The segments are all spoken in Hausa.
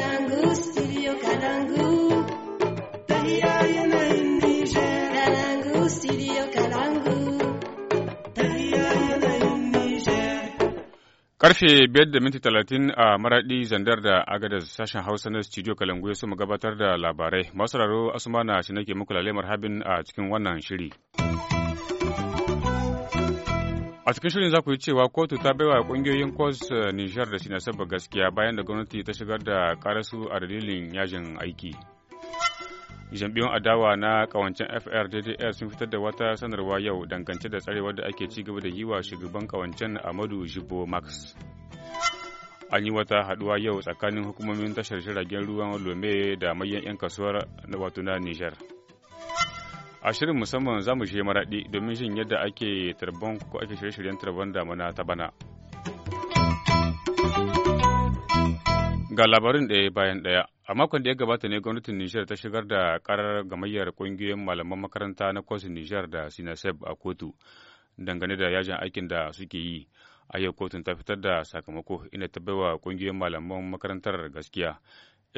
studio karfe biyar da minti talatin a maradi zandar da agadez sashen hausa na studio kalangu ya suma gabatar da labarai masu raro asuma na shi nake muku lalemar habin a cikin wannan shiri. A cikin shirin za ku yi cewa kotu ta baiwa kungiyoyin kos Nijar da Sinasaba gaskiya bayan da gwamnati ta shigar da karasu a dalilin yajin aiki. Jam'iyyun adawa na kawancen FRDDR sun fitar da wata sanarwa yau dangance da tsarewar da ake ci gaba da yi wa shugaban kawancen Amadu Jibo Max. An yi wata haɗuwa yau tsakanin hukumomin tashar jiragen ruwan Lome da mayan 'yan kasuwar wato na Nijar. a shirin musamman za mu shirya maraɗi domin jin yadda ake tarban ko ake shirye-shiryen tarban damana ta bana ga labarin ɗaya bayan ɗaya a makon da ya gabata ne gwamnatin nijar ta shigar da karar gamayyar ƙungiyoyin malaman makaranta na kwasin nijar da sinaseb a kotu dangane da yajin aikin da suke yi a yau kotun ta fitar da sakamako inda ta baiwa ƙungiyoyin malaman makarantar gaskiya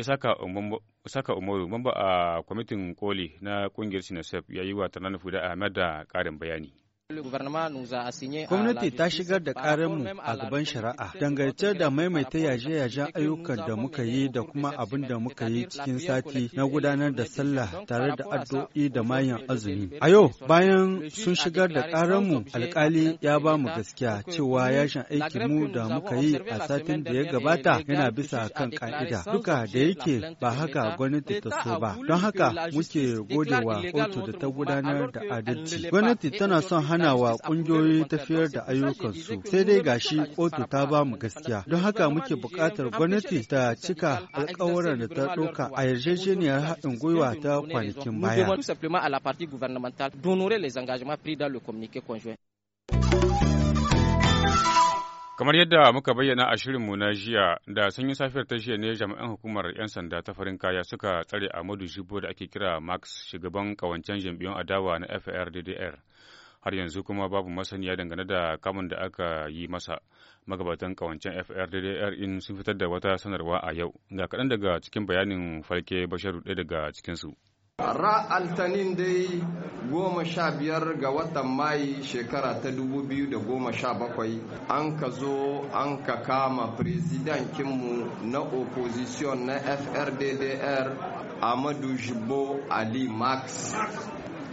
Isaka Umaru, mamba a kwamitin koli na kungiyar Sinasef ya yi wa Tanana Fuda Ahmed da ƙarin bayani. Gwamnati ta shigar da mu a gaban shari'a dangance da maimaita yaje-yajen ayyukan da muka yi da kuma abin da muka yi cikin sati na gudanar da sallah tare da addu'o'i da mayan azumi. A yau bayan sun shigar da mu alkali ya ba mu gaskiya cewa yashin aikin mu da muka yi a satin da ya gabata yana bisa kan ka'ida. Duka da yake ba haka gwamnati ta so ba. Don haka muke godewa kotu da ta gudanar da adalci. Gwamnati tana son hana wa ƙungiyoyi tafiyar da ayyukansu sai dai gashi kotu ta ba mu gaskiya don haka muke buƙatar gwamnati ta cika alƙawuran da ta ɗauka a yarjejeniyar haɗin gwiwa ta kwanakin baya. Kamar yadda muka bayyana a shirinmu na jiya da sun yi safiyar ta jiya ne jami'an hukumar 'yan sanda ta farin kaya suka tsare Amadu Jibo da ake kira Max shugaban kawancen jam'iyyun adawa na FRDDR. har yanzu kuma babu masaniya dangane da kamun da aka yi masa magabatan kawancen FRDDR in sun fitar da wata sanarwa a yau ga kaɗan daga cikin bayanin falke basharu ɗaya daga cikinsu. ra altanin dai goma sha biyar ga watan mayi shekara ta dubu biyu da goma sha bakwai an ka zo an ka kama firizidankinmu na opposition na frddr amadu jibo ali max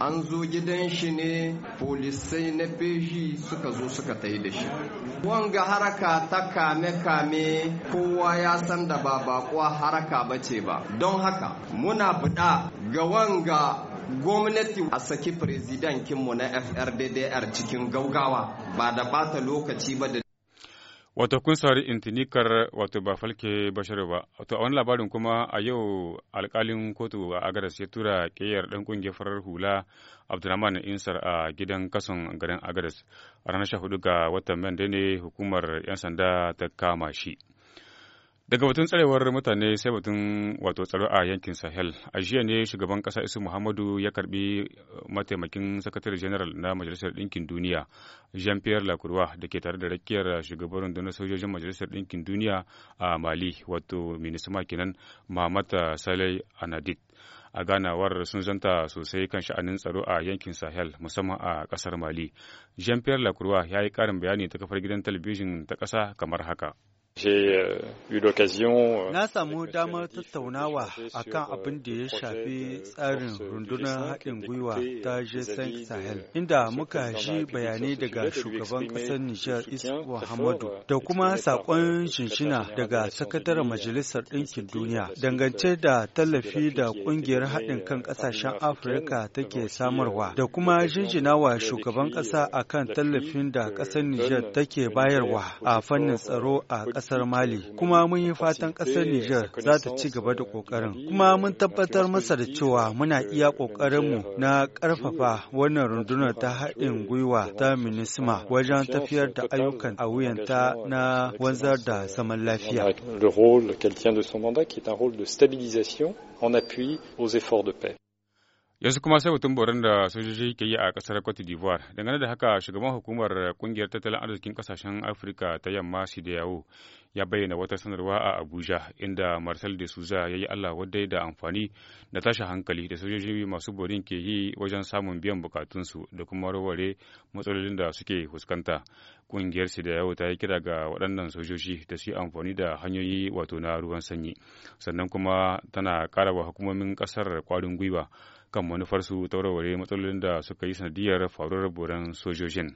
an zo gidan shi ne polisai na feshi suka zo suka ta yi da shi wanga haraka ta kame-kame kowa ya san da ba bakuwa haraka ba ce ba don haka muna buɗa ga wanga gwamnati a saki firizidankinmu na frddr cikin gaugawa ba da bata lokaci ba da Wato kun sauri intinikar wato ba falke bashar ba. Wato a wani labarin kuma a yau alkalin kotu a Agadas ya tura ƙeyar dan ƙungiyar farar hula Abdulrahman Insar a gidan kason garin Agadas. A ranar 14 ga watan Mende ne hukumar 'yan sanda ta kama shi. daga batun tsarewar mutane sai batun wato tsaro a yankin sahel a jiya ne shugaban kasa isu muhammadu ya karbi eh, mataimakin sakatare general na majalisar ɗinkin duniya jean pierre lacroix da ke tare da rakiyar shugaban rundunar sojojin majalisar ɗinkin duniya a mali wato minisma kenan mahamata eh, saleh anadit a ganawar sun zanta sosai kan sha'anin tsaro a yankin sahel musamman a kasar mali jean pierre lacroix ya yi karin bayani ta kafar gidan talabijin ta kasa kamar haka Euh, euh, Na samu damar tattaunawa akan abin da ya shafi tsarin euh, rundunar haɗin gwiwa ta Jason Sahel, inda muka shi bayanai daga shugaban ƙasar Nijar Isu Muhammadu da kuma saƙon shinshina daga sakataren Majalisar Ɗinkin Duniya dangance da tallafi da ƙungiyar haɗin kan ƙasashen Afirka take samarwa da kuma jinjinawa shugaban ƙasa akan tallafin da ƙasar Nijar take bayarwa a fannin tsaro a ƙasar Mali, kuma mun yi fatan ƙasar Nijar za ta ci gaba da ƙoƙarin. Kuma mun tabbatar masa da cewa muna iya ƙoƙarinmu na ƙarfafa wannan rundunar ta haɗin gwiwa ta Minisma wajen tafiyar da ayyukan a wuyanta na wanzar da zaman lafiya. de de en appui aux efforts de paix. yanzu kuma sai mutum borin da sojoji ke yi a kasar cote d'ivoire dangane da haka shugaban hukumar kungiyar tattalin arzikin kasashen afirka ta yamma sidiyawo ya bayyana wata sanarwa a abuja inda marcel de souza ya yi allah wadai da amfani da tashin hankali da sojoji masu borin ke yi wajen samun biyan bukatunsu da kuma warware matsalolin da suke fuskanta kungiyar sidiyawo ta yi kira ga waɗannan sojoji da su yi amfani da hanyoyi wato na ruwan sanyi sannan kuma tana ƙara wa hukumomin ƙasar kwarin gwiwa kan manufarsu su warware matsalolin da suka yi sanadiyar faruwar boran sojojin.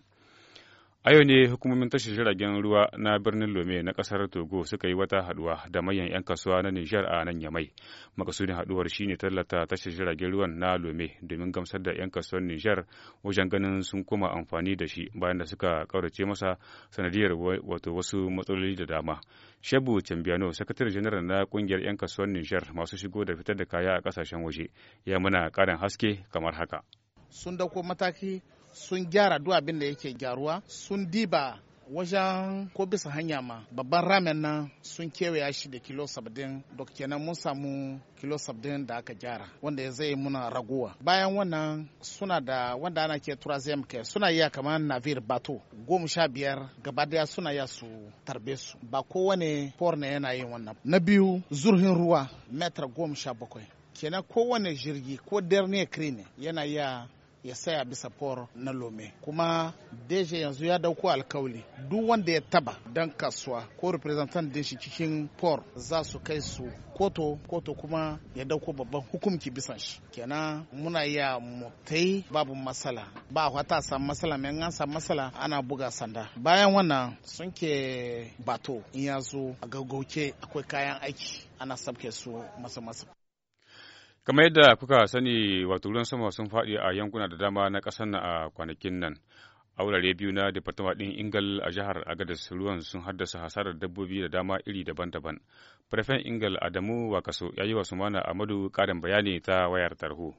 A yau ne hukumomin tashar jiragen ruwa na birnin Lome na kasar Togo suka yi wata haduwa da manyan 'yan kasuwa na Nijar a nan Yamai. Makasudin haduwar shine tallata tashar jiragen ruwan na Lome domin gamsar da 'yan kasuwar Nijar wajen ganin sun koma amfani da shi bayan da suka kaurace masa sanadiyar wato wasu matsaloli da dama. Shebu Cambiano, sakataren janar na kungiyar 'yan kasuwar Nijar masu shigo da fitar da kaya a kasashen waje, ya muna karin haske kamar haka. Sun dauko mataki sun gyara duk abin da yake gyaruwa sun diba wajen ko bisa hanya ma babban ramen nan sun kewaya shi da kilo saba'in da kenan mun samu kilo saba'in da aka gyara wanda ya zai muna raguwa bayan wannan suna da wanda ana ke zai muka suna iya kamar navir bato goma sha biyar gaba daya suna iya su tarbe su ba kowane porna yana yin wannan na biyu zurhin ruwa metra goma sha bakwai kenan kowane jirgi ko derne ne yana iya ya saya bisa por na lome kuma deje yanzu ya dauko alkawali duk wanda ya taba dan kasuwa ko representant din shi cikin por za su kai su koto koto kuma ya dauko babban hukumki bisan shi kenan muna iya mutai babu masala ba wata samu masala mai an samu masala ana buga sanda bayan wannan sun ke bato in yazo a gaggauke akwai kayan aiki ana sabke su masa masa Kamar yadda kuka sani wato ruwan sama sun faɗi a yankuna da dama na ƙasar na a kwanakin nan. A wurare biyu na Departama ɗin Ingal a jihar agadis ruwan sun haddasa hasarar dabbobi da dama iri daban-daban. Prefen Ingal Adamu Wakaso ya yi wa Sumana Amadu ƙarin bayani ta wayar tarho.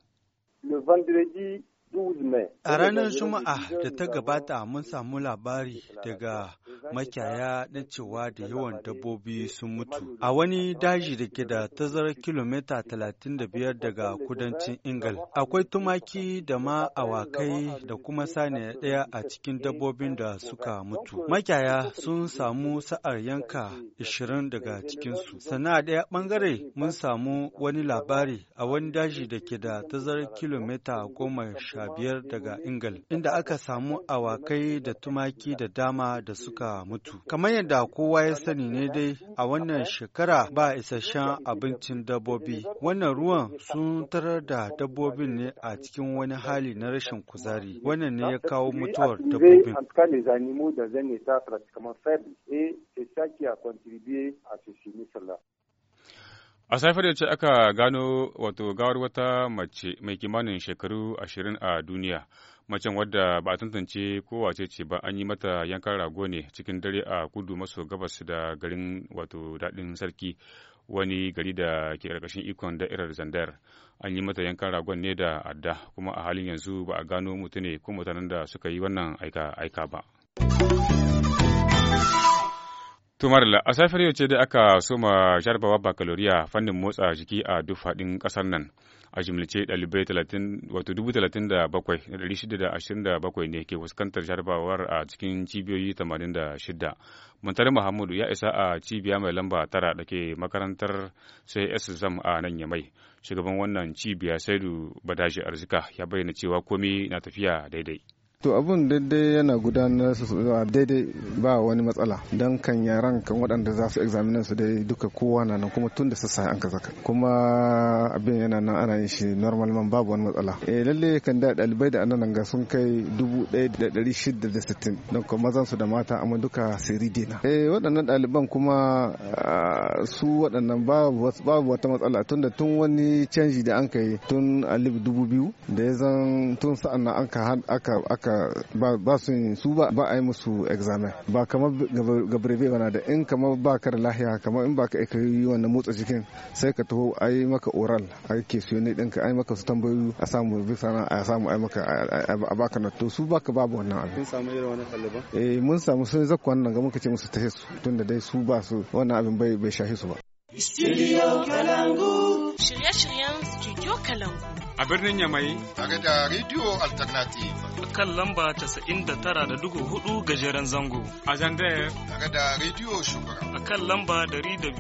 A ranar Juma'a da ta gabata mun samu labari daga makiyaya na cewa da yawan dabbobi sun mutu. A wani daji da ke da tazarar kilomita 35 daga kudancin Ingal, akwai tumaki da ma awakai da kuma saniya ɗaya a cikin dabbobin da suka mutu. Makiyaya sun samu sa'ar yanka 20 daga cikinsu. Sana ɗaya ɓangare mun samu wani labari a wani daji da ke da tazarar kilomita 10 sha biyar daga Ingal, inda aka samu awakai da tumaki da dama da suka mutu. Kamar yadda kowa ya sani ne dai a wannan shekara ba isasshen abincin dabbobi. Wannan ruwan sun tarar da dabbobin ne a cikin wani hali na rashin kuzari. Wannan ne ya kawo mutuwar dabbobin. Et A safiyar yace aka gano wato gawar wata mace mai kimanin shekaru ashirin a duniya. Macen wadda ba a tantance kowace ce ba an yi mata yankan rago ne cikin dare a kudu maso gabas da garin wato daɗin sarki wani gari da ke ƙarƙashin ikon da'irar zandar. An yi mata yankan ragon ne da adda kuma a halin yanzu ba a gano mutane ko mutanen da suka yi wannan aika-aika ba. Tumarila, a safiyar yau ce da aka soma jarabawa bakaloriya fannin motsa jiki a duk faɗin ƙasar nan. A jimlice ɗalibai wato dubu talatin da bakwai da ɗari shida da ashirin da bakwai ne ke fuskantar jarabawar a cikin cibiyoyi tamanin da shida. Muntari Muhammadu ya isa a cibiya mai lamba tara da ke makarantar sai Zam a nan Yamai. Shugaban wannan cibiya Saidu Badaji Arzika ya bayyana cewa komai na tafiya daidai. To abun daidai yana gudanar su daidai ba wani matsala don kan yaran kan waɗanda za su examinan su dai duka kowa na nan kuma tun da sassa an ka zaka kuma abin yana nan ana yin shi normal man babu wani matsala. E lalle kan da ɗalibai da anan ga sun kai dubu ɗaya da ɗari shida da sittin don kuma mazan su da mata amma duka siri dina. E eh, waɗannan ɗaliban kuma ah, su waɗannan babu wata matsala tun da tun wani canji da an kai tun alif dubu biyu da ya zan tun sa'an nan aka suka ba su su ba ba a yi musu examen ba kamar gabrebe bana da in kamar ba ka da lahiya kamar in ba ka aika yi wannan motsa jikin sai ka taho a yi maka oral a yi ke suyo din ka a yi maka su tambayoyi a samu visa na a samu a yi maka a baka na to su ba ka babu wannan abin. Mun samu irin wani ɗaliban? Eh mun samu sun zakwa wannan ga muka ce musu tahe su tunda dai su ba su wannan abin bai bai shahi su ba. Studio Kalangu. Shirye-shiryen Studio Kalangu. A birnin Yamai. Tare da Radio Alternative. kan lamba 99.4 gajeren zango. A Zandaya. Daga da Radio Shugura. A kan lamba 105.5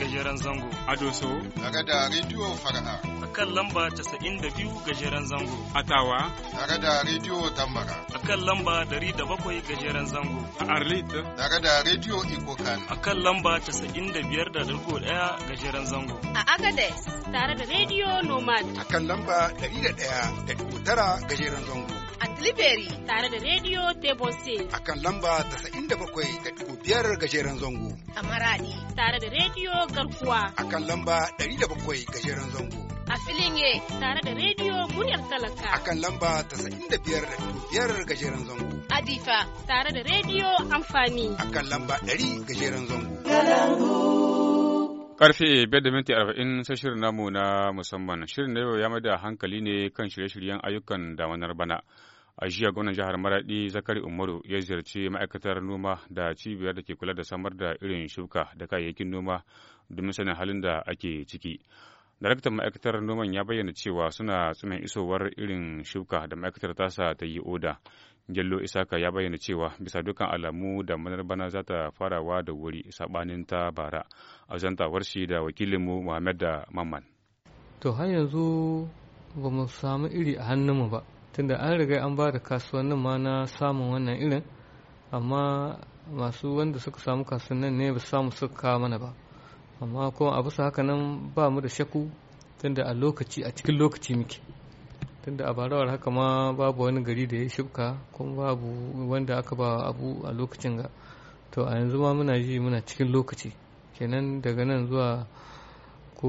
gajeren zango. A Doso. Daga da Radio Fara'a. A kan lamba 92 gajeren zango. A Tawa. Daga da Radio Tambara. A kan lamba 107 gajeren zango. A Arlit. Daga da Radio Ikokan. A kan lamba 95.1 gajeren zango. A Agades. Tare da Radio Nomad. A kan lamba 101.9 gajeren zango. Kalangu. A Tilibiri. Tare da Radio Debose. A kan lamba da bakwai biyar gajeren zango. A Maradi. Tare da Radio Garkuwa. A kan lamba da bakwai gajeren zango. A Filinge. Tare da Radio Muryar Talaka. A kan lamba da biyar biyar gajeren zango. A Difa. Tare da Radio Amfani. A kan lamba 100 gajeren zango. Kalangu. Karfe biyar da minti arba'in sai shirin namu na musamman. Shirin na yau ya da hankali ne kan shirye-shiryen ayyukan damanar bana. A jiya gwamnan jihar maraɗi Zakari Umaru ya ziyarci ma'aikatar noma da cibiyar da ke kula da samar da irin shuka da kayayyakin noma domin sanin halin da ake ciki. Daraktan ma'aikatar noman ya bayyana cewa suna tsumin isowar irin shuka da ma'aikatar tasa ta yi oda. Jallo Isaka ya bayyana cewa bisa dukkan alamu da manar bana za ta farawa da wuri sabanin ta bara a zantawar shi da wakilinmu Muhammad da Mamman. To har yanzu ba mu samu iri a hannunmu ba tunda an riga an ba da kasuwannin ma na samun wannan irin amma masu wanda suka samu kasuwannin ne ba samu suka kawo mana ba amma kuma a bisa haka nan ba mu da shaku tunda a lokaci a cikin lokaci muke tunda a barawar haka ma babu wani gari da ya shibka kuma babu wanda aka ba abu a lokacin ga to a yanzu ma muna ji muna cikin lokaci kenan daga nan zuwa ko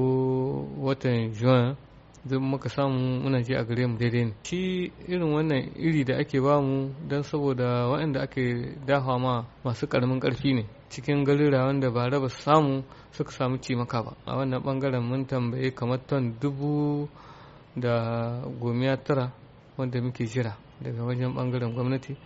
watan juan zai muka samu muna ji a gare mu daidai ne shi irin wannan iri da ake mu don saboda waɗanda ake dafa ma masu ƙaramin ƙarfi ne cikin galira wanda ba raba samu suka samu cimaka ba a wannan ɓangaren mun tambaye kamar ton dubu da gomiya tara wanda muke jira daga wajen bangaren gwamnati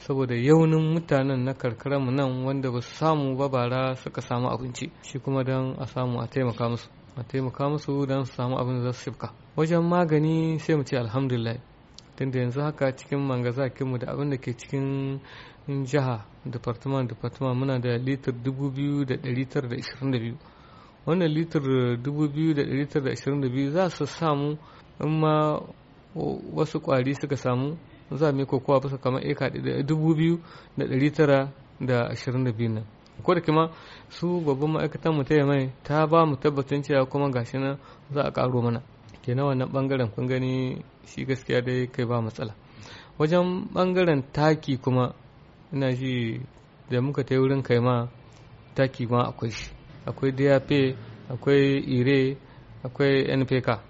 saboda yaunin mutanen na karkara mu nan wanda ba su samu ba bara suka samu abinci shi kuma don a samu a taimaka musu a taimaka musu don su samu abin da za su shifka wajen magani sai mu ce alhamdulillah tunda yanzu haka cikin mangazakinmu da abin da ke cikin jiha department department muna da litir 2,922 wannan litir 2,922 za su samu in ma wasu kwari suka samu za mu yi kokowa bisa kamar eka dubu biyu da ɗari tara da ashirin da biyu nan ko da kima su babban ma'aikatan mu taya mai ta ba mu tabbacin cewa kuma gashi nan za a karo mana kenan wannan bangaren kun gani shi gaskiya dai kai ba matsala wajen bangaren taki kuma ina ji da muka ta wurin kai ma taki ma akwai shi akwai dap akwai ire akwai npk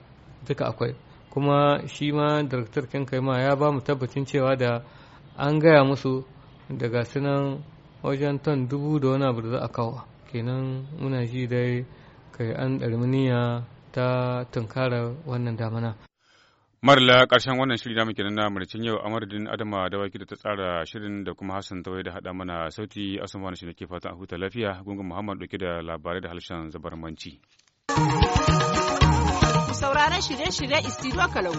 duka akwai kuma shi ma daraktar kai ma ya ba mu tabbacin cewa da an gaya musu daga sunan wajen ton dubu da wani abu da za a kawo kenan muna ji dai kai an ɗarminiya ta tunkara wannan damana marla ƙarshen wannan shiri namu kenan na maricin yau a adama dawaki da ta tsara shirin da kuma hassan tawai da haɗa mana sauti asuman shi da ke fatan a huta lafiya gungun muhammad ɗauke da labarai da harshen zabarmanci. sauraron shirye-shirye Istiro Kalau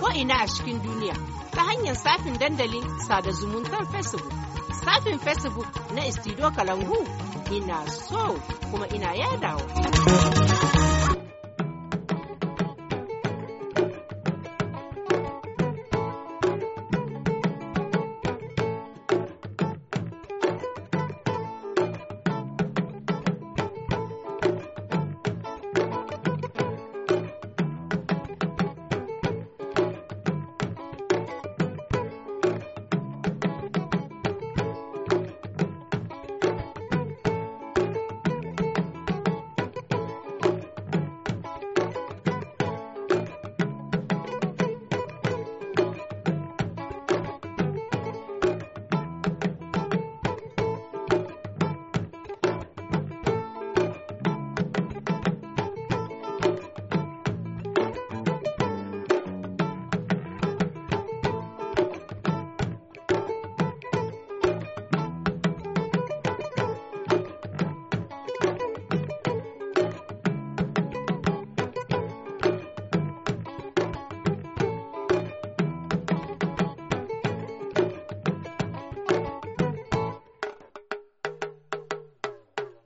ko ina a cikin duniya ta hanyar safin dandalin sada zumuntar Facebook. Safin Facebook na Istiro Kalangu ina so kuma ina yadawa.